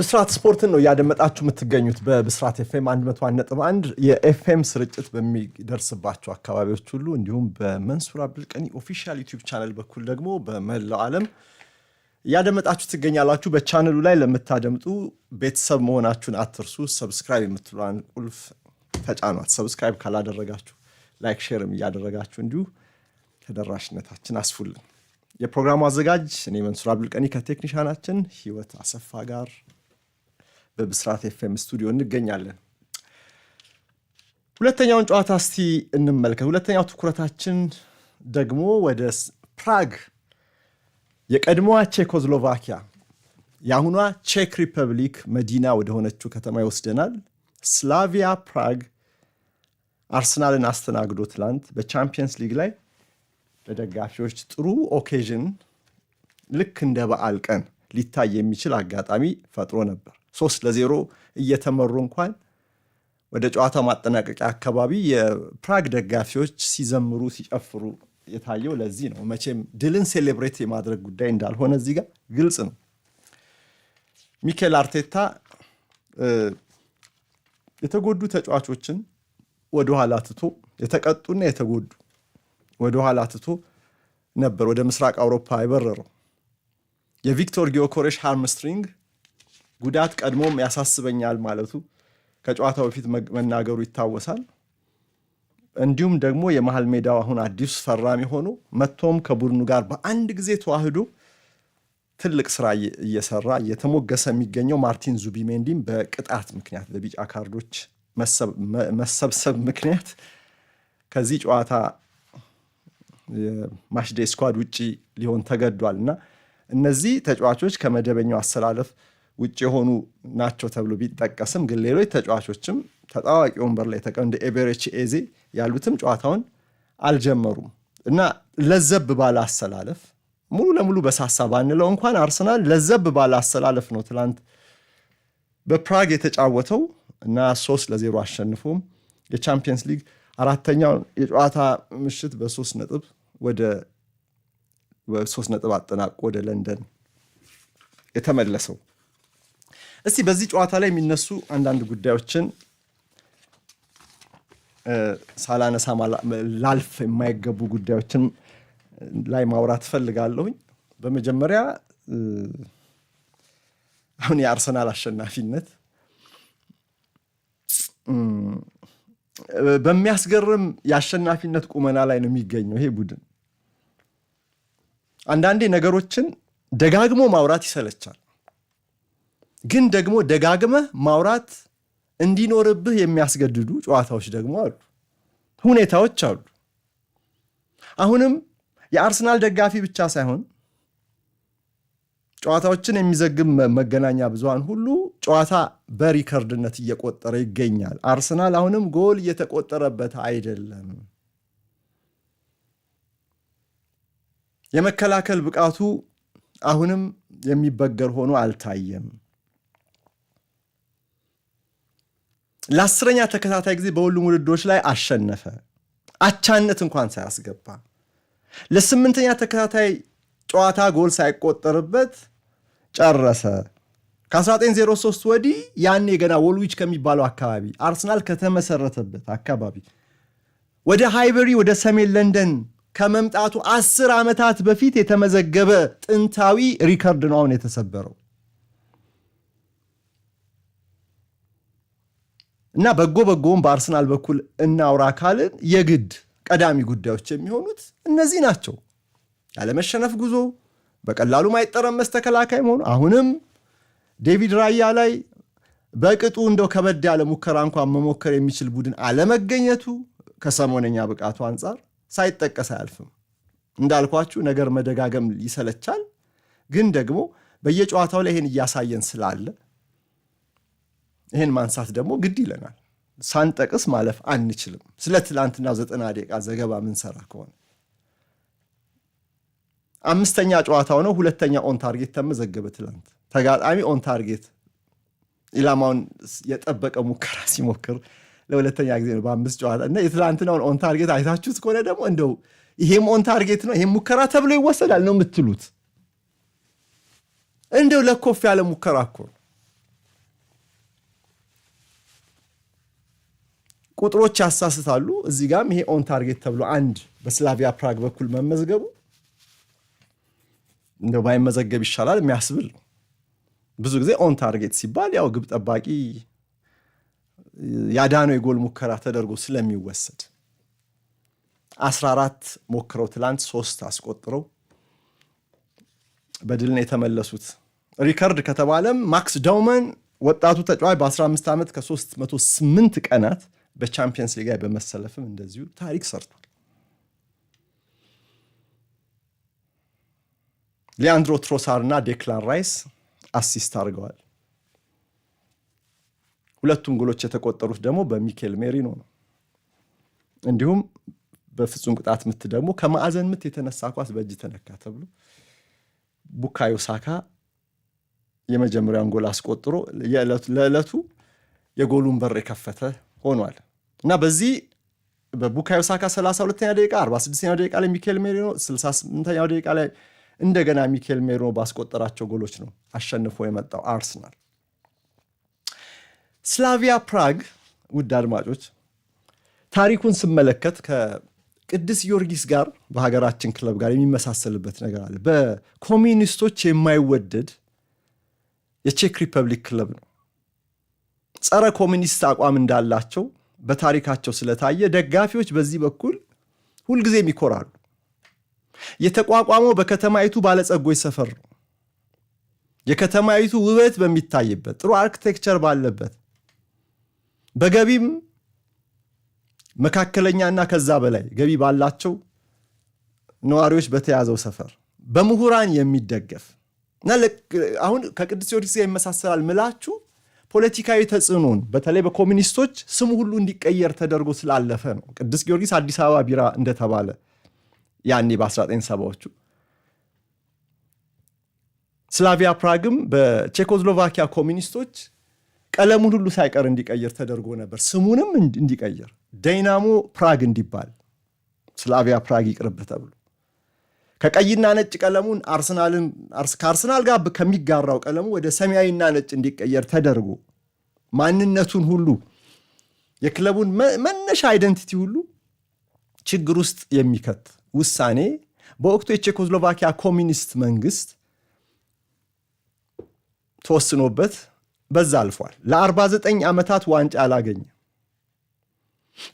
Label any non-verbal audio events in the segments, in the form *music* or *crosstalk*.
ብስራት ስፖርትን ነው እያደመጣችሁ የምትገኙት በብስራት ኤፍኤም 11 የኤፍኤም ስርጭት በሚደርስባቸው አካባቢዎች ሁሉ እንዲሁም በመንሱር አብዱልቀኒ ኦፊሻል ዩቲብ ቻነል በኩል ደግሞ በመላው ዓለም እያደመጣችሁ ትገኛላችሁ። በቻነሉ ላይ ለምታደምጡ ቤተሰብ መሆናችሁን አትርሱ። ሰብስክራይብ የምትሏን ቁልፍ ተጫኗት። ሰብስክራይብ ካላደረጋችሁ ላይክ፣ ሼርም እያደረጋችሁ እንዲሁ ተደራሽነታችን አስፉልን። የፕሮግራሙ አዘጋጅ እኔ መንሱር አብዱልቀኒ ከቴክኒሻናችን ህይወት አሰፋ ጋር በብስራት ኤፍኤም ስቱዲዮ እንገኛለን። ሁለተኛውን ጨዋታ እስቲ እንመልከት። ሁለተኛው ትኩረታችን ደግሞ ወደ ፕራግ የቀድሞዋ ቼኮስሎቫኪያ የአሁኗ ቼክ ሪፐብሊክ መዲና ወደሆነችው ከተማ ይወስደናል። ስላቪያ ፕራግ አርሰናልን አስተናግዶ ትላንት በቻምፒየንስ ሊግ ላይ ለደጋፊዎች ጥሩ ኦኬዥን ልክ እንደ በዓል ቀን ሊታይ የሚችል አጋጣሚ ፈጥሮ ነበር። ሶስት ለዜሮ እየተመሩ እንኳን ወደ ጨዋታው ማጠናቀቂያ አካባቢ የፕራግ ደጋፊዎች ሲዘምሩ ሲጨፍሩ የታየው ለዚህ ነው። መቼም ድልን ሴሌብሬት የማድረግ ጉዳይ እንዳልሆነ እዚህ ጋር ግልጽ ነው። ሚኬል አርቴታ የተጎዱ ተጫዋቾችን ወደኋላ ትቶ የተቀጡና የተጎዱ ወደኋላ ትቶ ነበር ወደ ምስራቅ አውሮፓ የበረረው። የቪክቶር ጊዮኮሬሽ ሃርምስትሪንግ ጉዳት ቀድሞም ያሳስበኛል ማለቱ ከጨዋታው በፊት መናገሩ ይታወሳል። እንዲሁም ደግሞ የመሀል ሜዳው አሁን አዲስ ፈራሚ ሆኖ መጥቶም ከቡድኑ ጋር በአንድ ጊዜ ተዋህዶ ትልቅ ስራ እየሰራ እየተሞገሰ የሚገኘው ማርቲን ዙቢሜንዲም በቅጣት ምክንያት በቢጫ ካርዶች መሰብሰብ ምክንያት ከዚህ ጨዋታ ማሽዴ ስኳድ ውጭ ሊሆን ተገዷል እና እነዚህ ተጫዋቾች ከመደበኛው አሰላለፍ ውጭ የሆኑ ናቸው ተብሎ ቢጠቀስም ግን ሌሎች ተጫዋቾችም ተጣዋቂ ወንበር ላይ ተቀ እንደ ኤቨሬች ኤዜ ያሉትም ጨዋታውን አልጀመሩም እና ለዘብ ባለ አሰላለፍ ሙሉ ለሙሉ በሳሳ ባንለው እንኳን አርሰናል ለዘብ ባለ አሰላለፍ ነው ትላንት በፕራግ የተጫወተው እና ሶስት ለዜሮ አሸንፎም የቻምፒየንስ ሊግ አራተኛውን የጨዋታ ምሽት በሶስት ነጥብ ወደ ሶስት ነጥብ አጠናቆ ወደ ለንደን የተመለሰው እስቲ በዚህ ጨዋታ ላይ የሚነሱ አንዳንድ ጉዳዮችን ሳላነሳ ላልፍ የማይገቡ ጉዳዮችን ላይ ማውራት ፈልጋለሁኝ በመጀመሪያ አሁን የአርሰናል አሸናፊነት በሚያስገርም የአሸናፊነት ቁመና ላይ ነው የሚገኘው ይሄ ቡድን። አንዳንዴ ነገሮችን ደጋግሞ ማውራት ይሰለቻል። ግን ደግሞ ደጋግመህ ማውራት እንዲኖርብህ የሚያስገድዱ ጨዋታዎች ደግሞ አሉ፣ ሁኔታዎች አሉ። አሁንም የአርሰናል ደጋፊ ብቻ ሳይሆን ጨዋታዎችን የሚዘግብ መገናኛ ብዙሃን ሁሉ ጨዋታ በሪከርድነት እየቆጠረ ይገኛል። አርሰናል አሁንም ጎል እየተቆጠረበት አይደለም። የመከላከል ብቃቱ አሁንም የሚበገር ሆኖ አልታየም። ለአስረኛ ተከታታይ ጊዜ በሁሉም ውድድሮች ላይ አሸነፈ፣ አቻነት እንኳን ሳያስገባ። ለስምንተኛ ተከታታይ ጨዋታ ጎል ሳይቆጠርበት ጨረሰ። ከ1903 ወዲህ ያኔ ገና ወልዊች ከሚባለው አካባቢ አርሰናል ከተመሰረተበት አካባቢ ወደ ሃይበሪ ወደ ሰሜን ለንደን ከመምጣቱ አስር ዓመታት በፊት የተመዘገበ ጥንታዊ ሪከርድ ነው አሁን የተሰበረው። እና በጎ በጎን በአርሰናል በኩል እናውራ ካልን የግድ ቀዳሚ ጉዳዮች የሚሆኑት እነዚህ ናቸው። ያለመሸነፍ ጉዞ፣ በቀላሉ ማይጠረመስ ተከላካይ መሆኑ፣ አሁንም ዴቪድ ራያ ላይ በቅጡ እንደው ከበድ ያለ ሙከራ እንኳን መሞከር የሚችል ቡድን አለመገኘቱ ከሰሞነኛ ብቃቱ አንጻር ሳይጠቀስ አያልፍም። እንዳልኳችሁ ነገር መደጋገም ይሰለቻል፣ ግን ደግሞ በየጨዋታው ላይ ይህን እያሳየን ስላለ ይህን ማንሳት ደግሞ ግድ ይለናል። ሳንጠቅስ ማለፍ አንችልም። ስለ ትላንትና ዘጠና ደቂቃ ዘገባ ምንሰራ ከሆነ አምስተኛ ጨዋታ ሆነው ሁለተኛ ኦን ታርጌት ተመዘገበ። ትላንት ተጋጣሚ ኦን ታርጌት ኢላማውን የጠበቀ ሙከራ ሲሞክር ለሁለተኛ ጊዜ ነው በአምስት ጨዋታ እና የትላንትናውን ኦን ታርጌት አይታችሁት ከሆነ ደግሞ እንደው ይሄም ኦን ታርጌት ነው ይሄም ሙከራ ተብሎ ይወሰዳል ነው የምትሉት። እንደው ለኮፍ ያለ ሙከራ እኮ ነው። ቁጥሮች ያሳስታሉ። እዚህ ጋም ይሄ ኦን ታርጌት ተብሎ አንድ በስላቪያ ፕራግ በኩል መመዝገቡ እንደው ባይመዘገብ ይሻላል የሚያስብል ነው። ብዙ ጊዜ ኦን ታርጌት ሲባል ያው ግብ ጠባቂ ያዳነው የጎል ሙከራ ተደርጎ ስለሚወሰድ አራት ሞክረው ትላንት ሶስት አስቆጥረው በድል ነው የተመለሱት። ሪከርድ ከተባለም ማክስ ዳውመን ወጣቱ ተጫዋች በ15 ዓመት ከ308 ቀናት በቻምፒየንስ ሊግ ላይ በመሰለፍም እንደዚሁ ታሪክ ሰርቷል። ሊያንድሮ ትሮሳር እና ዴክላን ራይስ አሲስት አድርገዋል። ሁለቱም ጎሎች የተቆጠሩት ደግሞ በሚኬል ሜሪኖ ነው። እንዲሁም በፍጹም ቅጣት ምት ደግሞ ከማዕዘን ምት የተነሳ ኳስ በእጅ ተነካ ተብሎ ቡካዮ ሳካ የመጀመሪያውን ጎል አስቆጥሮ ለዕለቱ የጎሉን በር የከፈተ ሆኗል እና በዚህ በቡካዮ ሳካ 32ኛ ደቂቃ 46ኛው ደቂቃ ላይ ሚኬል ሜሪኖ 68 ኛ ደቂቃ ላይ እንደገና ሚኬል ሜሪኖ ባስቆጠራቸው ጎሎች ነው አሸንፎ የመጣው አርሰናል። ስላቪያ ፕራግ ውድ አድማጮች ታሪኩን ስመለከት ከቅዱስ ጊዮርጊስ ጋር በሀገራችን ክለብ ጋር የሚመሳሰልበት ነገር አለ። በኮሚኒስቶች የማይወደድ የቼክ ሪፐብሊክ ክለብ ነው። ጸረ ኮሚኒስት አቋም እንዳላቸው በታሪካቸው ስለታየ ደጋፊዎች በዚህ በኩል ሁልጊዜም ይኮራሉ። የተቋቋመው በከተማይቱ ባለጸጎች ሰፈር ነው። የከተማይቱ ውበት በሚታይበት ጥሩ አርክቴክቸር ባለበት በገቢም መካከለኛና ከዛ በላይ ገቢ ባላቸው ነዋሪዎች በተያዘው ሰፈር በምሁራን የሚደገፍ እና አሁን ከቅዱስ ጊዮርጊስ ጋር ይመሳሰላል ምላችሁ ፖለቲካዊ ተጽዕኖን በተለይ በኮሚኒስቶች ስሙ ሁሉ እንዲቀየር ተደርጎ ስላለፈ ነው። ቅዱስ ጊዮርጊስ አዲስ አበባ ቢራ እንደተባለ ያኔ በ1970ዎቹ ስላቪያ ፕራግም በቼኮስሎቫኪያ ኮሚኒስቶች ቀለሙን ሁሉ ሳይቀር እንዲቀይር ተደርጎ ነበር። ስሙንም እንዲቀይር ዳይናሞ ፕራግ እንዲባል ስላቪያ ፕራግ ይቅርብ ተብሎ ከቀይና ነጭ ቀለሙን አርሰናልን ከአርሰናል ጋር ከሚጋራው ቀለሙ ወደ ሰማያዊና ነጭ እንዲቀየር ተደርጎ ማንነቱን ሁሉ የክለቡን መነሻ አይደንቲቲ ሁሉ ችግር ውስጥ የሚከት ውሳኔ በወቅቱ የቼኮስሎቫኪያ ኮሚኒስት መንግስት ተወስኖበት በዛ አልፏል። ለ49 ዓመታት ዋንጫ አላገኘ።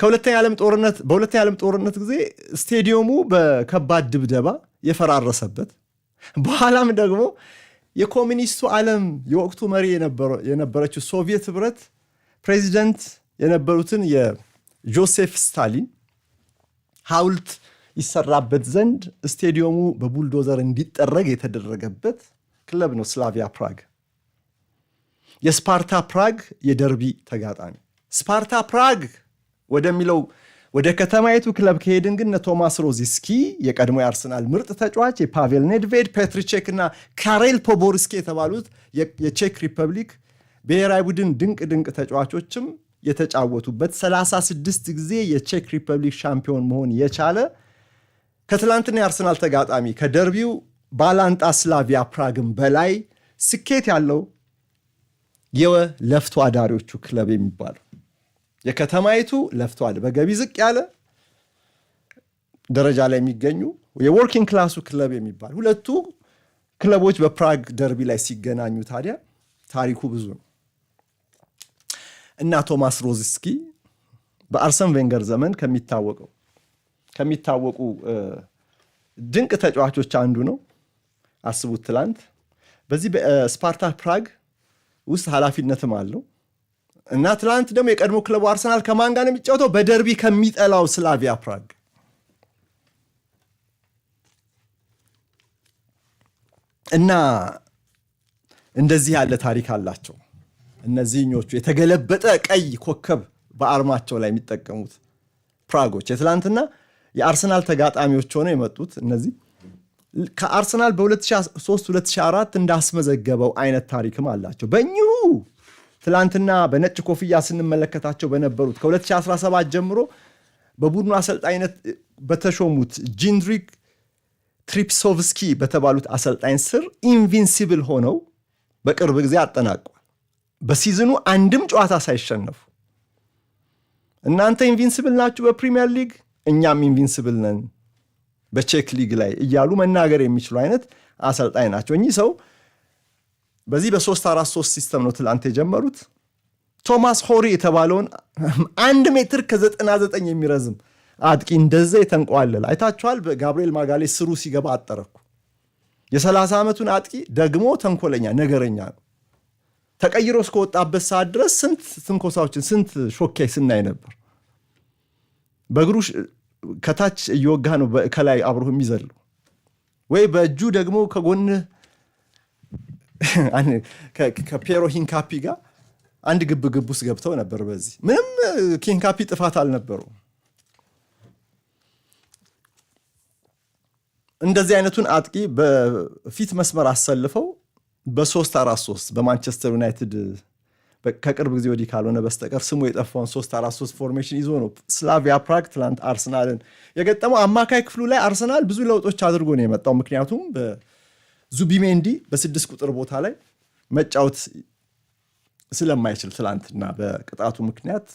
ከሁለተኛ ዓለም ጦርነት በሁለተኛ ዓለም ጦርነት ጊዜ ስቴዲየሙ በከባድ ድብደባ የፈራረሰበት በኋላም ደግሞ የኮሚኒስቱ ዓለም የወቅቱ መሪ የነበረችው ሶቪየት ህብረት ፕሬዚደንት የነበሩትን የጆሴፍ ስታሊን ሐውልት ይሰራበት ዘንድ ስቴዲየሙ በቡልዶዘር እንዲጠረግ የተደረገበት ክለብ ነው ስላቪያ ፕራግ። የስፓርታ ፕራግ የደርቢ ተጋጣሚ ስፓርታ ፕራግ ወደሚለው ወደ ከተማይቱ ክለብ ከሄድን ግን ቶማስ ሮዚስኪ የቀድሞ የአርሰናል ምርጥ ተጫዋች፣ የፓቬል ኔድቬድ፣ ፔትሪቼክ እና ካሬል ፖቦርስኪ የተባሉት የቼክ ሪፐብሊክ ብሔራዊ ቡድን ድንቅ ድንቅ ተጫዋቾችም የተጫወቱበት 36 ጊዜ የቼክ ሪፐብሊክ ሻምፒዮን መሆን የቻለ ከትላንትና የአርሰናል ተጋጣሚ ከደርቢው ባላንጣ ስላቪያ ፕራግም በላይ ስኬት ያለው የለፍቶ አዳሪዎቹ ክለብ የሚባለው የከተማይቱ ለፍተዋል በገቢ ዝቅ ያለ ደረጃ ላይ የሚገኙ የወርኪንግ ክላሱ ክለብ የሚባል ሁለቱ ክለቦች በፕራግ ደርቢ ላይ ሲገናኙ ታዲያ ታሪኩ ብዙ ነው እና ቶማስ ሮዝስኪ በአርሰን ቬንገር ዘመን ከሚታወቀው ከሚታወቁ ድንቅ ተጫዋቾች አንዱ ነው። አስቡት ትላንት በዚህ በስፓርታ ፕራግ ውስጥ ኃላፊነትም አለው። እና ትላንት ደግሞ የቀድሞ ክለቡ አርሰናል ከማን ጋር ነው የሚጫወተው? በደርቢ ከሚጠላው ስላቪያ ፕራግ። እና እንደዚህ ያለ ታሪክ አላቸው እነዚህኞቹ የተገለበጠ ቀይ ኮከብ በአርማቸው ላይ የሚጠቀሙት ፕራጎች። የትላንትና የአርሰናል ተጋጣሚዎች ሆነው የመጡት እነዚህ ከአርሰናል በ2003 2004 እንዳስመዘገበው አይነት ታሪክም አላቸው በእኚሁ ትላንትና በነጭ ኮፍያ ስንመለከታቸው በነበሩት ከ2017 ጀምሮ በቡድኑ አሰልጣኝነት በተሾሙት ጂንድሪክ ትሪፕሶቭስኪ በተባሉት አሰልጣኝ ስር ኢንቪንሲብል ሆነው በቅርብ ጊዜ አጠናቋል። በሲዝኑ አንድም ጨዋታ ሳይሸነፉ እናንተ ኢንቪንሲብል ናችሁ በፕሪሚየር ሊግ፣ እኛም ኢንቪንሲብል ነን በቼክ ሊግ ላይ እያሉ መናገር የሚችሉ አይነት አሰልጣኝ ናቸው እኚህ ሰው። በዚህ በሶስት አራት ሶስት ሲስተም ነው ትላንት የጀመሩት። ቶማስ ሆሪ የተባለውን አንድ ሜትር ከዘጠና ዘጠኝ የሚረዝም አጥቂ እንደዛ የተንቋለል አይታችኋል። በጋብርኤል ማጋሌ ስሩ ሲገባ አጠረኩ። የ30 ዓመቱን አጥቂ ደግሞ ተንኮለኛ ነገረኛ ነው። ተቀይሮ እስከወጣበት ሰዓት ድረስ ስንት ትንኮሳዎችን ስንት ሾኬ ስናይ ነበር። በእግሩ ከታች እየወጋ ነው ከላይ አብሮ የሚዘለው ወይ በእጁ ደግሞ ከጎንህ *laughs* ከፔሮ ሂንካፒ ጋር አንድ ግብ ግብ ውስጥ ገብተው ነበር። በዚህ ምንም ኪንካፒ ጥፋት አልነበረው። እንደዚህ አይነቱን አጥቂ በፊት መስመር አሰልፈው በሶስት አራት ሶስት በማንቸስተር ዩናይትድ ከቅርብ ጊዜ ወዲህ ካልሆነ በስተቀር ስሙ የጠፋውን ሶስት አራት ሶስት ፎርሜሽን ይዞ ነው ስላቪያ ፕራግ ትላንት አርሰናልን የገጠመው። አማካይ ክፍሉ ላይ አርሰናል ብዙ ለውጦች አድርጎ ነው የመጣው ምክንያቱም ዙቢሜንዲ በስድስት ቁጥር ቦታ ላይ መጫወት ስለማይችል ትላንትና በቅጣቱ ምክንያት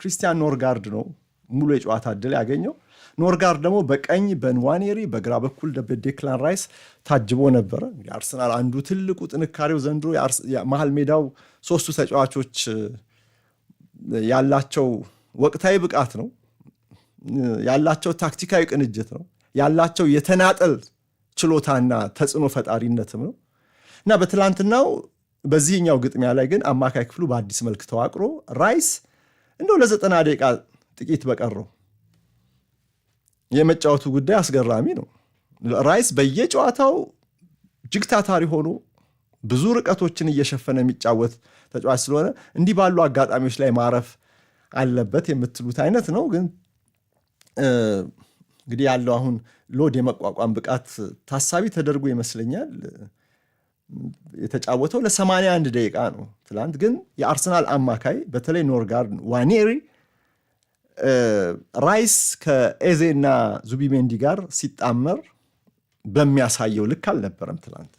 ክሪስቲያን ኖርጋርድ ነው ሙሉ የጨዋታ እድል ያገኘው። ኖርጋርድ ደግሞ በቀኝ በንዋኔሪ በግራ በኩል በዴክላን ራይስ ታጅቦ ነበረ። አርሰናል አንዱ ትልቁ ጥንካሬው ዘንድሮ መሀል ሜዳው ሶስቱ ተጫዋቾች ያላቸው ወቅታዊ ብቃት ነው፣ ያላቸው ታክቲካዊ ቅንጅት ነው፣ ያላቸው የተናጠል ችሎታና ተጽዕኖ ፈጣሪነትም ነው እና በትላንትናው በዚህኛው ግጥሚያ ላይ ግን አማካይ ክፍሉ በአዲስ መልክ ተዋቅሮ ራይስ እንደው ለዘጠና ደቂቃ ጥቂት በቀረው የመጫወቱ ጉዳይ አስገራሚ ነው። ራይስ በየጨዋታው እጅግ ታታሪ ሆኖ ብዙ ርቀቶችን እየሸፈነ የሚጫወት ተጫዋች ስለሆነ እንዲህ ባሉ አጋጣሚዎች ላይ ማረፍ አለበት የምትሉት አይነት ነው ግን እንግዲህ ያለው አሁን ሎድ የመቋቋም ብቃት ታሳቢ ተደርጎ ይመስለኛል የተጫወተው ለ81 ደቂቃ ነው። ትላንት ግን የአርሰናል አማካይ በተለይ ኖርጋርድ ዋኔሪ ራይስ ከኤዜ እና ዙቢሜንዲ ጋር ሲጣመር በሚያሳየው ልክ አልነበረም ትላንት።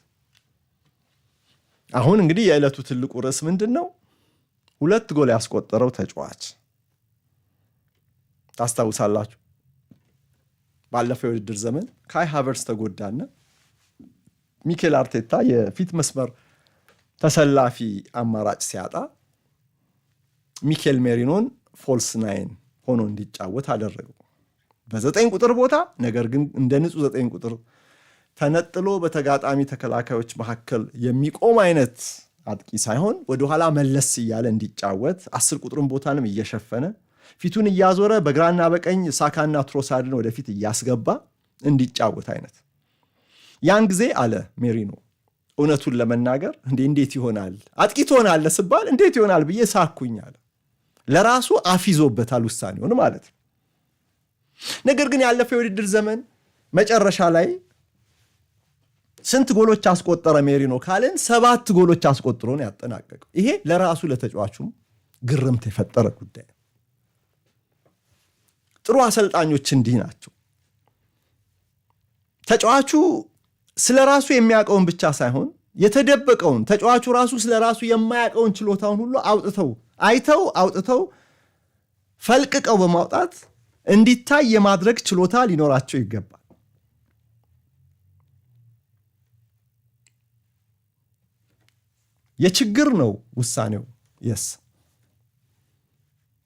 አሁን እንግዲህ የዕለቱ ትልቁ ርዕስ ምንድን ነው? ሁለት ጎል ያስቆጠረው ተጫዋች ታስታውሳላችሁ። ባለፈው የውድድር ዘመን ካይ ሃቨርስ ተጎዳና ሚኬል አርቴታ የፊት መስመር ተሰላፊ አማራጭ ሲያጣ ሚኬል ሜሪኖን ፎልስ ናይን ሆኖ እንዲጫወት አደረገው። በዘጠኝ ቁጥር ቦታ ነገር ግን እንደ ንጹህ ዘጠኝ ቁጥር ተነጥሎ በተጋጣሚ ተከላካዮች መካከል የሚቆም አይነት አጥቂ ሳይሆን ወደኋላ መለስ እያለ እንዲጫወት አስር ቁጥርን ቦታንም እየሸፈነ ፊቱን እያዞረ በግራና በቀኝ ሳካና ትሮሳድን ወደፊት እያስገባ እንዲጫወት አይነት። ያን ጊዜ አለ ሜሪኖ እውነቱን ለመናገር እንዴ እንዴት ይሆናል አጥቂ ትሆናለህ ስባል እንዴት ይሆናል ብዬ ሳኩኝ አለ። ለራሱ አፊዞበታል ውሳኔውን ማለት ነው። ነገር ግን ያለፈው የውድድር ዘመን መጨረሻ ላይ ስንት ጎሎች አስቆጠረ ሜሪኖ ካልን ሰባት ጎሎች አስቆጥሮ ያጠናቀቀው። ይሄ ለራሱ ለተጫዋቹም ግርምት የፈጠረ ጉዳይ ነው። ጥሩ አሰልጣኞች እንዲህ ናቸው። ተጫዋቹ ስለ ራሱ የሚያውቀውን ብቻ ሳይሆን የተደበቀውን ተጫዋቹ ራሱ ስለ ራሱ የማያውቀውን ችሎታውን ሁሉ አውጥተው አይተው አውጥተው ፈልቅቀው በማውጣት እንዲታይ የማድረግ ችሎታ ሊኖራቸው ይገባል። የችግር ነው ውሳኔው የስ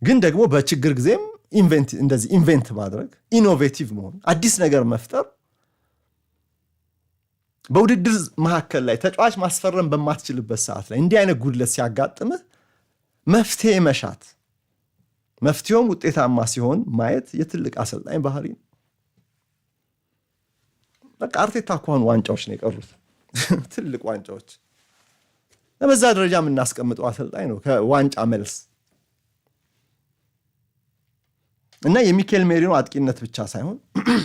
ግን ደግሞ በችግር ጊዜም እንደዚህ ኢንቨንት ማድረግ ኢኖቬቲቭ መሆን አዲስ ነገር መፍጠር በውድድር መካከል ላይ ተጫዋች ማስፈረም በማትችልበት ሰዓት ላይ እንዲህ አይነት ጉድለት ሲያጋጥምህ መፍትሄ መሻት መፍትሄውም ውጤታማ ሲሆን ማየት የትልቅ አሰልጣኝ ባህሪ ነው። በቃ አርቴታ ከሆኑ ዋንጫዎች ነው የቀሩት *laughs* ትልቅ ዋንጫዎች። በዛ ደረጃ የምናስቀምጠው አሰልጣኝ ነው ከዋንጫ መልስ እና የሚካኤል ሜሪኖ አጥቂነት ብቻ ሳይሆን *clears throat*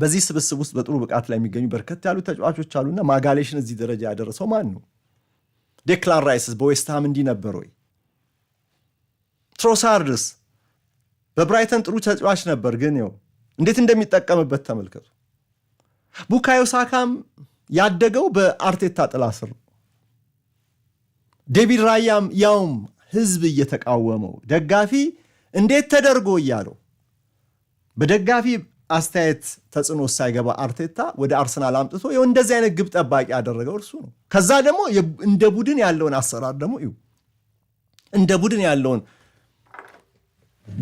በዚህ ስብስብ ውስጥ በጥሩ ብቃት ላይ የሚገኙ በርከት ያሉ ተጫዋቾች አሉና ማጋሌሽን እዚህ ደረጃ ያደረሰው ማን ነው? ዴክላን ራይስስ በዌስትሃም እንዲህ ነበር ወይ? ትሮሳርድስ በብራይተን ጥሩ ተጫዋች ነበር፣ ግን ው እንዴት እንደሚጠቀምበት ተመልከቱ። ቡካዮ ሳካም ያደገው በአርቴታ ጥላ ስር ነው። ዴቪድ ራያም ያውም ህዝብ እየተቃወመው ደጋፊ እንዴት ተደርጎ እያሉ በደጋፊ አስተያየት ተጽዕኖ ሳይገባ አርቴታ ወደ አርሰናል አምጥቶ እንደዚህ አይነት ግብ ጠባቂ ያደረገው እርሱ ነው። ከዛ ደግሞ እንደ ቡድን ያለውን አሰራር ደግሞ እዩ፣ እንደ ቡድን ያለውን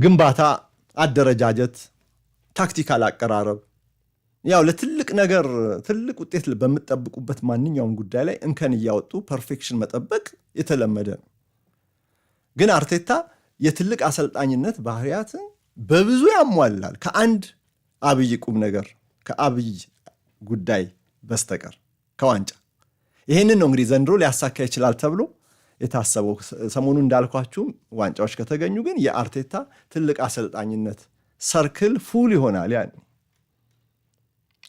ግንባታ፣ አደረጃጀት፣ ታክቲካል አቀራረብ ያው ለትልቅ ነገር ትልቅ ውጤት በምጠብቁበት ማንኛውም ጉዳይ ላይ እንከን እያወጡ ፐርፌክሽን መጠበቅ የተለመደ ነው። ግን አርቴታ የትልቅ አሰልጣኝነት ባህሪያትን በብዙ ያሟላል ከአንድ አብይ ቁም ነገር ከአብይ ጉዳይ በስተቀር ከዋንጫ ይህንን ነው እንግዲህ ዘንድሮ ሊያሳካ ይችላል ተብሎ የታሰበው። ሰሞኑ እንዳልኳችሁም ዋንጫዎች ከተገኙ ግን የአርቴታ ትልቅ አሰልጣኝነት ሰርክል ፉል ይሆናል። ያ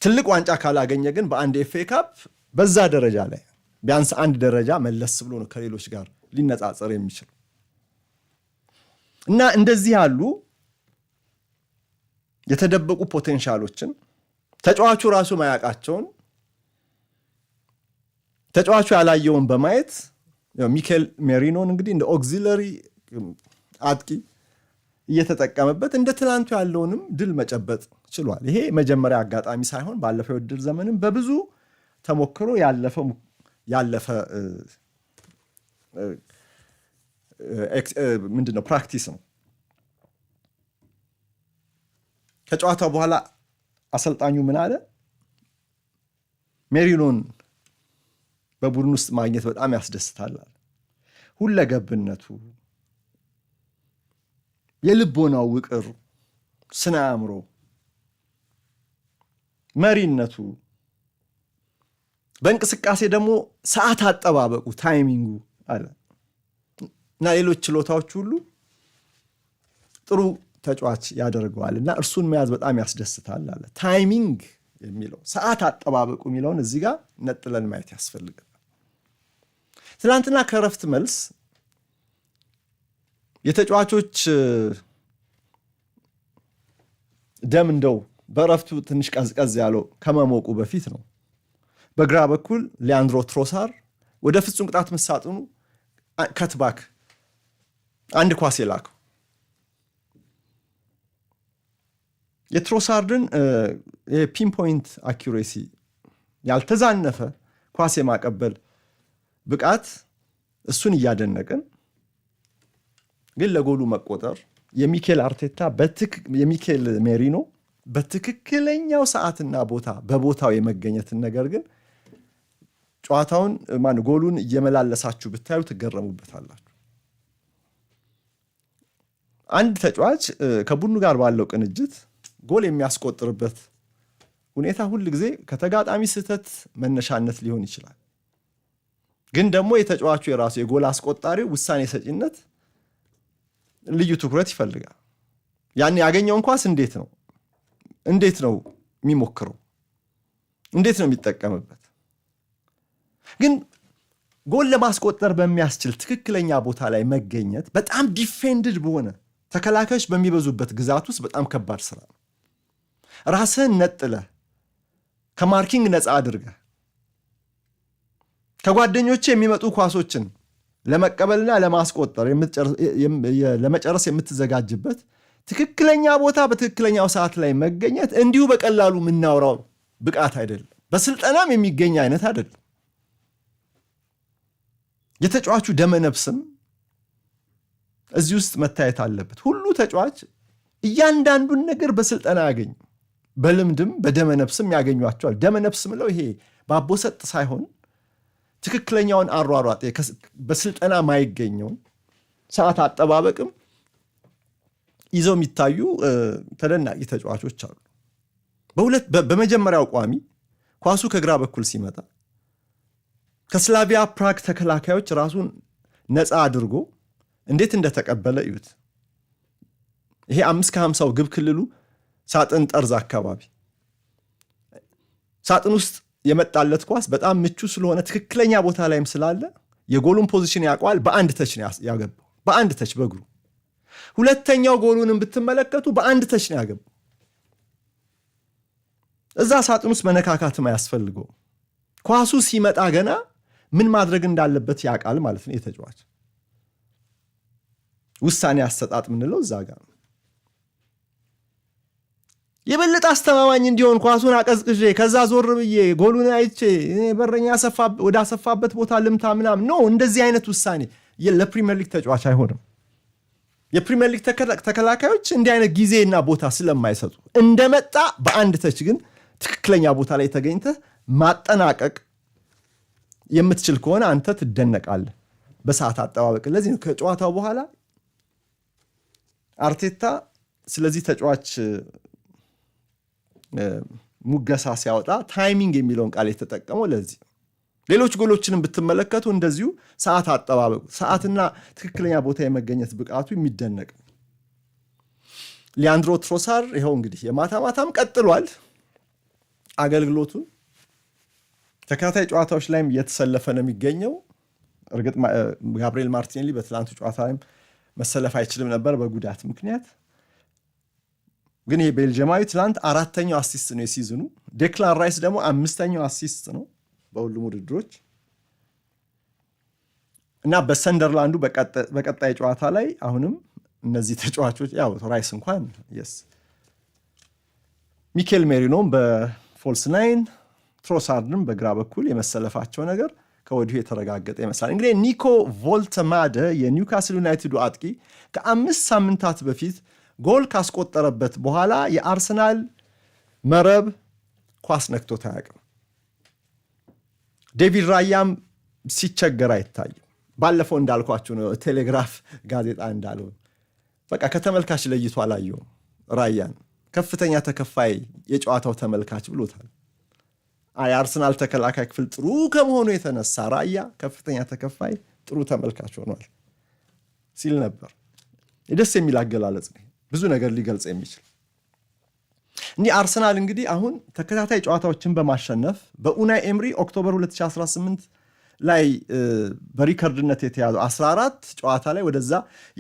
ትልቅ ዋንጫ ካላገኘ ግን በአንድ ኤፌ ካፕ በዛ ደረጃ ላይ ቢያንስ አንድ ደረጃ መለስ ብሎ ነው ከሌሎች ጋር ሊነጻጸር የሚችል እና እንደዚህ ያሉ የተደበቁ ፖቴንሻሎችን ተጫዋቹ ራሱ ማያውቃቸውን ተጫዋቹ ያላየውን በማየት ሚኬል ሜሪኖን እንግዲህ እንደ ኦግዚለሪ አጥቂ እየተጠቀመበት እንደ ትላንቱ ያለውንም ድል መጨበጥ ችሏል። ይሄ መጀመሪያ አጋጣሚ ሳይሆን ባለፈው የውድድር ዘመንም በብዙ ተሞክሮ ያለፈ ምንድን ነው ፕራክቲስ ነው። ከጨዋታው በኋላ አሰልጣኙ ምን አለ? ሜሪኖን በቡድን ውስጥ ማግኘት በጣም ያስደስታል። ሁለገብነቱ፣ የልቦናው ውቅር፣ ስነ አእምሮ፣ መሪነቱ፣ በእንቅስቃሴ ደግሞ ሰዓት አጠባበቁ ታይሚንጉ አለ። እና ሌሎች ችሎታዎች ሁሉ ጥሩ ተጫዋች ያደርገዋል እና እርሱን መያዝ በጣም ያስደስታል አለ። ታይሚንግ የሚለው ሰዓት አጠባበቁ የሚለውን እዚህ ጋር ነጥለን ማየት ያስፈልጋል። ትናንትና ከረፍት መልስ የተጫዋቾች ደም እንደው በእረፍቱ ትንሽ ቀዝቀዝ ያለው ከመሞቁ በፊት ነው። በግራ በኩል ሊያንድሮ ትሮሳር ወደ ፍጹም ቅጣት ምሳጥኑ ከትባክ አንድ ኳስ የላከው የትሮሳርድን የፒንፖይንት አኪሬሲ ያልተዛነፈ ኳስ የማቀበል ብቃት እሱን እያደነቅን ግን ለጎሉ መቆጠር የሚኬል አርቴታ የሚኬል ሜሪኖ በትክክለኛው ሰዓትና ቦታ በቦታው የመገኘትን ነገር ግን ጨዋታውን ማን ጎሉን እየመላለሳችሁ ብታዩ ትገረሙበታላችሁ። አንድ ተጫዋች ከቡድኑ ጋር ባለው ቅንጅት ጎል የሚያስቆጥርበት ሁኔታ ሁል ጊዜ ከተጋጣሚ ስህተት መነሻነት ሊሆን ይችላል። ግን ደግሞ የተጫዋቹ የራሱ የጎል አስቆጣሪው ውሳኔ ሰጪነት ልዩ ትኩረት ይፈልጋል። ያን ያገኘውን ኳስ እንዴት ነው እንዴት ነው የሚሞክረው? እንዴት ነው የሚጠቀምበት? ግን ጎል ለማስቆጠር በሚያስችል ትክክለኛ ቦታ ላይ መገኘት በጣም ዲፌንድድ በሆነ ተከላካዮች በሚበዙበት ግዛት ውስጥ በጣም ከባድ ስራ ነው። ራስህን ነጥለህ ከማርኪንግ ነፃ አድርገህ ከጓደኞች የሚመጡ ኳሶችን ለመቀበልና ለማስቆጠር ለመጨረስ የምትዘጋጅበት ትክክለኛ ቦታ በትክክለኛው ሰዓት ላይ መገኘት እንዲሁ በቀላሉ የምናውራው ብቃት አይደለም። በስልጠናም የሚገኝ አይነት አይደለም። የተጫዋቹ ደመነፍስም እዚህ ውስጥ መታየት አለበት። ሁሉ ተጫዋች እያንዳንዱን ነገር በስልጠና ያገኝ በልምድም በደመነፍስም ያገኟቸዋል። ደመነፍስ ምለው ይሄ ባቦ ሰጥ ሳይሆን ትክክለኛውን አሯሯጥ በስልጠና ማይገኘውን ሰዓት አጠባበቅም ይዘው የሚታዩ ተደናቂ ተጫዋቾች አሉ። በሁለት በመጀመሪያው ቋሚ ኳሱ ከግራ በኩል ሲመጣ ከስላቪያ ፕራግ ተከላካዮች ራሱን ነፃ አድርጎ እንዴት እንደተቀበለ እዩት። ይሄ አምስት ከሀምሳው ግብ ክልሉ ሳጥን ጠርዝ አካባቢ ሳጥን ውስጥ የመጣለት ኳስ በጣም ምቹ ስለሆነ ትክክለኛ ቦታ ላይም ስላለ የጎሉን ፖዚሽን ያውቀዋል። በአንድ ተች ነው ያገባው፣ በአንድ ተች በእግሩ። ሁለተኛው ጎሉንም ብትመለከቱ በአንድ ተች ነው ያገባው። እዛ ሳጥን ውስጥ መነካካትም አያስፈልገውም። ኳሱ ሲመጣ ገና ምን ማድረግ እንዳለበት ያውቃል ማለት ነው የተጫዋች ውሳኔ አሰጣጥ ምንለው እዛ ጋር የበለጠ አስተማማኝ እንዲሆን ኳሱን አቀዝቅዤ ከዛ ዞር ብዬ ጎሉን አይቼ በረኛ ወደ አሰፋበት ቦታ ልምታ ምናም ነው። እንደዚህ አይነት ውሳኔ ለፕሪሚየር ሊግ ተጫዋች አይሆንም። የፕሪሚየር ሊግ ተከላካዮች እንዲህ አይነት ጊዜና ቦታ ስለማይሰጡ እንደመጣ በአንድ ተች ግን ትክክለኛ ቦታ ላይ ተገኝተ ማጠናቀቅ የምትችል ከሆነ አንተ ትደነቃለህ። በሰዓት አጠባበቅ ለዚህ ከጨዋታው በኋላ አርቴታ ስለዚህ ተጫዋች ሙገሳ ሲያወጣ ታይሚንግ የሚለውን ቃል የተጠቀመው ለዚህ ሌሎች ጎሎችንም ብትመለከቱ እንደዚሁ ሰዓት አጠባበቁ፣ ሰዓትና ትክክለኛ ቦታ የመገኘት ብቃቱ የሚደነቅ ሊያንድሮ ትሮሳር ይኸው እንግዲህ የማታ ማታም ቀጥሏል አገልግሎቱን ተከታታይ ጨዋታዎች ላይም እየተሰለፈ ነው የሚገኘው። እርግጥ ጋብሪኤል ማርቲኔሊ በትላንቱ ጨዋታ ላይም መሰለፍ አይችልም ነበር በጉዳት ምክንያት። ግን ይሄ ቤልጅማዊ ትላንት አራተኛው አሲስት ነው የሲዝኑ። ዴክላን ራይስ ደግሞ አምስተኛው አሲስት ነው በሁሉም ውድድሮች እና በሰንደርላንዱ በቀጣይ ጨዋታ ላይ አሁንም እነዚህ ተጫዋቾች ያው ራይስ እንኳን የስ ሚኬል ሜሪኖም በፎልስ ናይን ትሮሳርድም በግራ በኩል የመሰለፋቸው ነገር ከወዲሁ የተረጋገጠ ይመስላል። እንግዲህ ኒኮ ቮልተማደ የኒውካስል ዩናይትዱ አጥቂ ከአምስት ሳምንታት በፊት ጎል ካስቆጠረበት በኋላ የአርሰናል መረብ ኳስ ነክቶት አያውቅም። ዴቪድ ራያም ሲቸገር አይታይም። ባለፈው እንዳልኳቸው ነው፣ ቴሌግራፍ ጋዜጣ እንዳለው በቃ ከተመልካች ለይቶ አላየውም። ራያን ከፍተኛ ተከፋይ የጨዋታው ተመልካች ብሎታል። የአርሰናል ተከላካይ ክፍል ጥሩ ከመሆኑ የተነሳ ራያ ከፍተኛ ተከፋይ ጥሩ ተመልካች ሆኗል ሲል ነበር። ደስ የሚል አገላለጽ ነው። ብዙ ነገር ሊገልጽ የሚችል እንዲህ አርሰናል እንግዲህ አሁን ተከታታይ ጨዋታዎችን በማሸነፍ በኡናይ ኤምሪ ኦክቶበር 2018 ላይ በሪከርድነት የተያዙ 14 ጨዋታ ላይ ወደዛ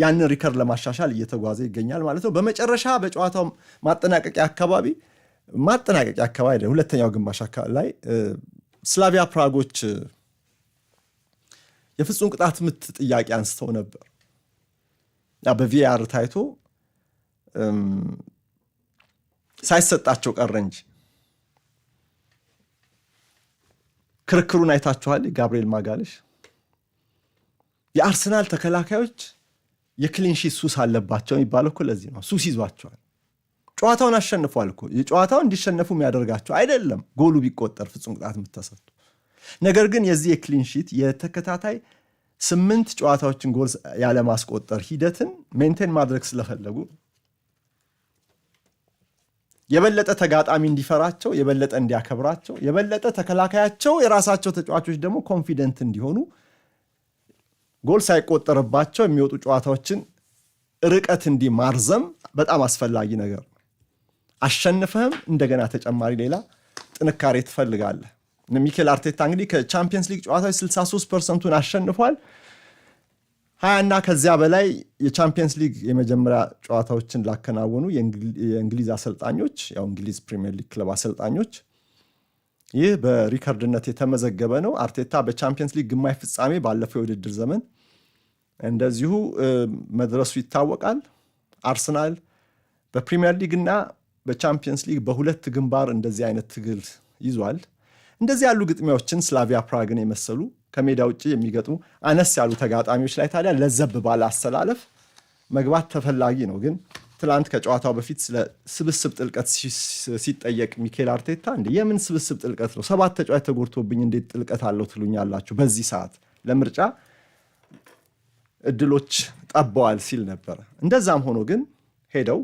ያንን ሪከርድ ለማሻሻል እየተጓዘ ይገኛል ማለት ነው። በመጨረሻ በጨዋታው ማጠናቀቂያ አካባቢ ማጠናቀቂያ አካባቢ ሁለተኛው ግማሽ አካባቢ ላይ ስላቪያ ፕራጎች የፍጹም ቅጣት ምት ጥያቄ አንስተው ነበር። በቪአር ታይቶ ሳይሰጣቸው ቀረ እንጂ ክርክሩን አይታችኋል። ጋብርኤል ማጋለሽ የአርሰናል ተከላካዮች የክሊንሺት ሱስ አለባቸው የሚባለው እኮ ለዚህ ነው። ሱስ ይዟቸዋል። ጨዋታውን አሸንፏል እኮ ጨዋታውን እንዲሸነፉ የሚያደርጋቸው አይደለም ጎሉ ቢቆጠር ፍጹም ቅጣት ምት ነገር ግን የዚህ የክሊንሺት የተከታታይ ስምንት ጨዋታዎችን ጎል ያለማስቆጠር ሂደትን ሜንቴን ማድረግ ስለፈለጉ የበለጠ ተጋጣሚ እንዲፈራቸው፣ የበለጠ እንዲያከብራቸው፣ የበለጠ ተከላካያቸው የራሳቸው ተጫዋቾች ደግሞ ኮንፊደንት እንዲሆኑ ጎል ሳይቆጠርባቸው የሚወጡ ጨዋታዎችን ርቀት እንዲማርዘም በጣም አስፈላጊ ነገር አሸንፈህም እንደገና ተጨማሪ ሌላ ጥንካሬ ትፈልጋለህ። ሚኬል አርቴታ እንግዲህ ከቻምፒየንስ ሊግ ጨዋታዎች 63 ፐርሰንቱን አሸንፏል። ሀያና ከዚያ በላይ የቻምፒየንስ ሊግ የመጀመሪያ ጨዋታዎችን ላከናወኑ የእንግሊዝ አሰልጣኞች ያው እንግሊዝ ፕሪሚየር ሊግ ክለብ አሰልጣኞች ይህ በሪከርድነት የተመዘገበ ነው። አርቴታ በቻምፒየንስ ሊግ ግማሽ ፍጻሜ ባለፈው የውድድር ዘመን እንደዚሁ መድረሱ ይታወቃል። አርሰናል በፕሪሚየር ሊግ እና በቻምፒየንስ ሊግ በሁለት ግንባር እንደዚህ አይነት ትግል ይዟል። እንደዚህ ያሉ ግጥሚያዎችን ስላቪያ ፕራግን የመሰሉ ከሜዳ ውጭ የሚገጥሙ አነስ ያሉ ተጋጣሚዎች ላይ ታዲያ ለዘብ ባለ አሰላለፍ መግባት ተፈላጊ ነው። ግን ትላንት ከጨዋታው በፊት ስለ ስብስብ ጥልቀት ሲጠየቅ ሚኬል አርቴታ እንደ የምን ስብስብ ጥልቀት ነው? ሰባት ተጫዋች ተጎድቶብኝ እንዴት ጥልቀት አለው ትሉኛላችሁ? በዚህ ሰዓት ለምርጫ እድሎች ጠበዋል ሲል ነበረ። እንደዛም ሆኖ ግን ሄደው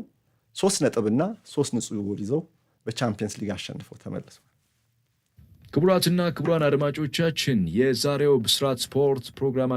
ሶስት ነጥብና ሶስት ንጹህ ጎል ይዘው በቻምፒየንስ ሊግ አሸንፈው ተመልሰዋል። ክቡራትና ክቡራን አድማጮቻችን የዛሬው ብስራት ስፖርት ፕሮግራማ